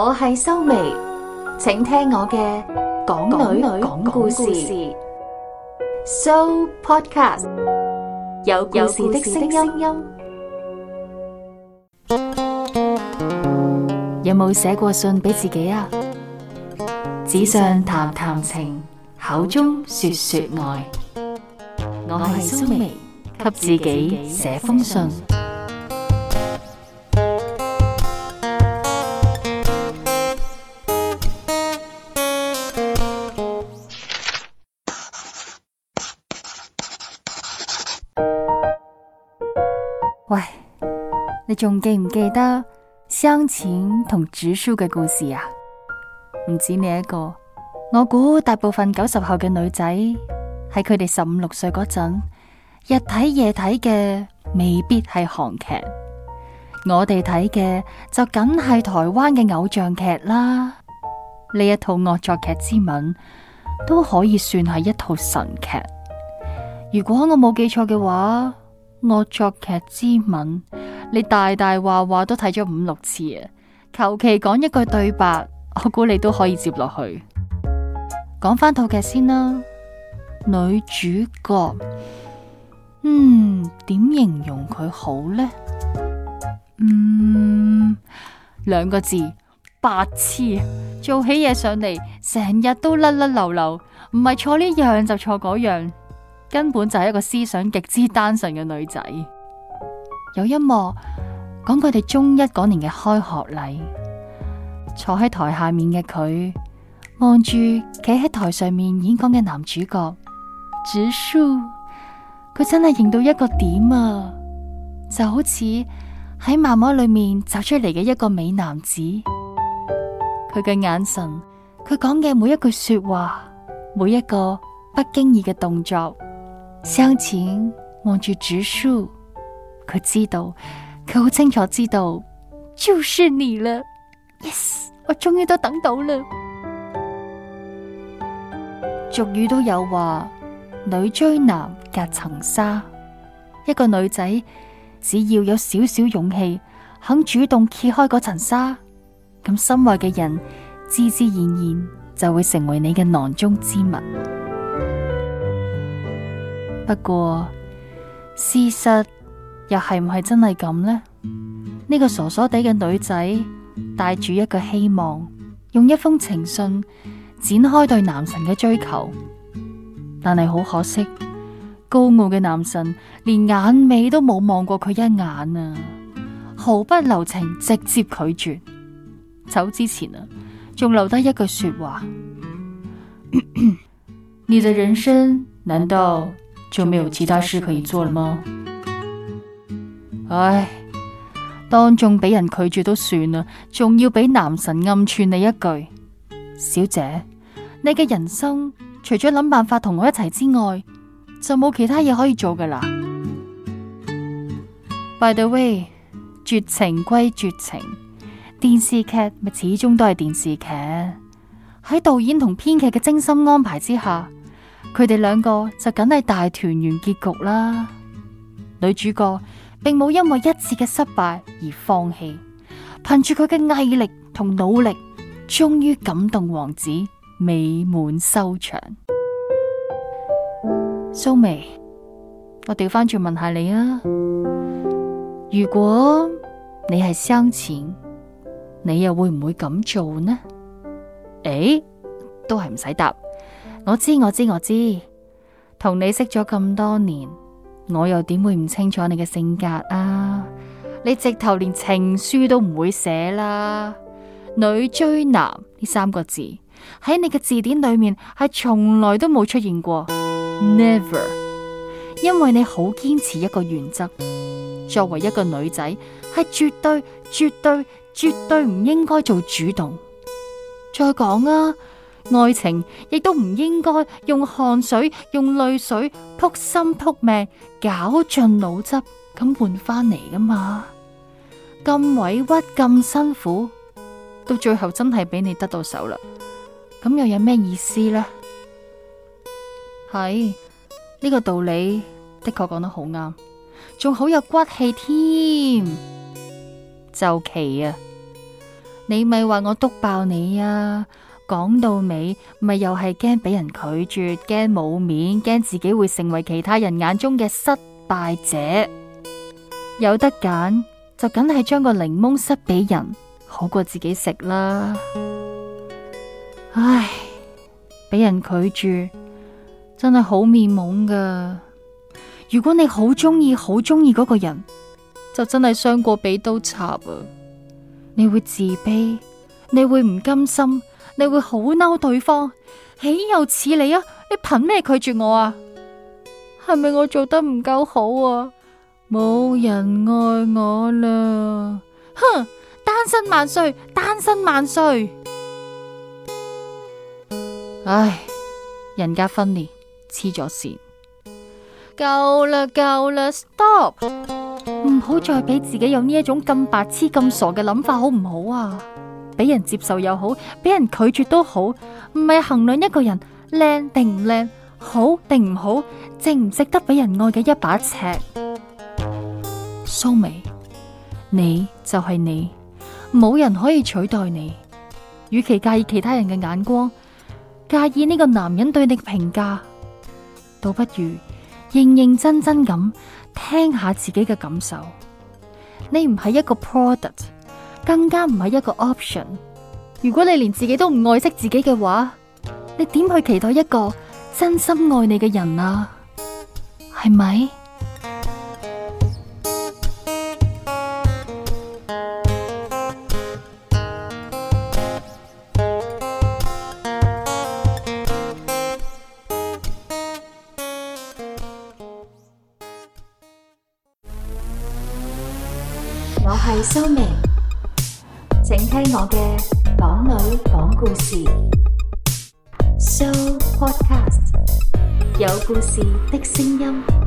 我係蘇眉，請聽我嘅講女女講故事，So Podcast 有故事的聲音。有冇寫過信俾自己啊？紙上談談情，口中說說愛。我係蘇眉，給自己寫封信。喂，你仲記唔記得湘琴同直樹嘅故事啊？唔止你一個，我估大部分九十後嘅女仔喺佢哋十五六歲嗰陣，日睇夜睇嘅未必係韓劇，我哋睇嘅就梗係台灣嘅偶像劇啦。呢一套惡作劇之吻都可以算係一套神劇。如果我冇記錯嘅話。惡作劇之吻，你大大話話都睇咗五六次啊！求其講一句對白，我估你都可以接落去。講返套劇先啦，女主角，嗯，點形容佢好呢？嗯，兩個字，白痴。做起嘢上嚟，成日都甩甩流流，唔係錯呢樣就錯嗰樣。根本就係一個思想極之單純嘅女仔。有一幕講佢哋中一嗰年嘅開學禮，坐喺台下面嘅佢望住企喺台上面演講嘅男主角紫舒，佢 真係認到一個點啊，就好似喺漫畫裏面摘出嚟嘅一個美男子。佢嘅眼神，佢講嘅每一句說話，每一個不經意嘅動作。湘琴望住直樹，佢知道，佢好清楚知道，就是你了。Yes，我終於都等到啦。俗語都有話，女追男隔層沙。一個女仔只要有少少勇氣，肯主動揭開嗰層沙，咁心愛嘅人，自自然然就會成為你嘅囊中之物。不過事實又係唔係真係咁呢？呢個傻傻地嘅女仔帶住一個希望，用一封情信展開對男神嘅追求，但係好可惜，高傲嘅男神連眼尾都冇望過佢一眼啊！毫不留情，直接拒絕。走之前啊，仲留低一句說話： 你的人生難道？就沒有其他事可以做了嗎？唉，當眾俾人拒絕都算啦，仲要俾男神暗串你一句，小姐，你嘅人生除咗諗辦法同我一齊之外，就冇其他嘢可以做㗎喇。By the way，絕情歸絕情，電視劇咪始終都係電視劇，喺導演同編劇嘅精心安排之下，佢哋兩個就梗係大團圓結局啦。女主角並冇因為一次嘅失敗而放棄，憑住佢嘅毅力同努力，終於感動王子，美滿收場。蘇眉，我調翻轉問下你啊，如果你係生錢，你又會唔會咁做呢？誒、欸，都係唔使答。我知我知我知，同你識咗咁多年，我又點會唔清楚你嘅性格啊？你直頭連情書都唔會寫啦，女追男呢三個字喺你嘅字典裏面係從來都冇出現過，Never。因為你好堅持一個原則，作為一個女仔係絕對絕對絕對唔應該做主動。再講啊！愛情亦都唔應該用汗水、用淚水撲心撲命、絞盡腦汁咁換翻嚟噶嘛？咁委屈、咁辛苦，到最後真係俾你得到手啦，咁又有咩意思呢？係呢個道理的確講得好啱，仲好有骨氣添。 就奇啊！你咪話我督爆你啊！講到尾，咪又係驚俾人拒絕，驚冇面，驚自己會成為其他人眼中嘅失敗者。有得揀就梗係將個檸檬塞俾人，好過自己食啦。唉，俾人拒絕真係好面懵噶。如果你好中意、好中意嗰個人，就真係傷過俾刀插啊！你會自卑，你會唔甘心。你會好嬲對方。豈有此理啊！你憑咩拒絕我啊？係咪我做得唔夠好啊？冇人愛我啦！哼，單身萬歲，單身萬歲！唉，人家訓練痴咗綫，夠啦，夠啦，stop！唔好再俾自己有呢一種咁白痴、咁傻嘅諗法，好唔好啊？俾人接受又好，俾人拒絕都好，唔係衡量一個人靚定唔靚，好定唔好，值唔值得俾人愛嘅一把尺。蘇美，你就係你，冇人可以取代你。與其介意其他人嘅眼光，介意呢個男人對你嘅評價，倒不如認認真真咁聽下自己嘅感受。你唔係一個 product。更加唔係一個 option。如果你連自己都唔愛惜自己嘅話，你點去期待一個真心愛你嘅人啊？係咪？我係蘇明。請聽我嘅港女講故事，Show Podcast，有故事的聲音。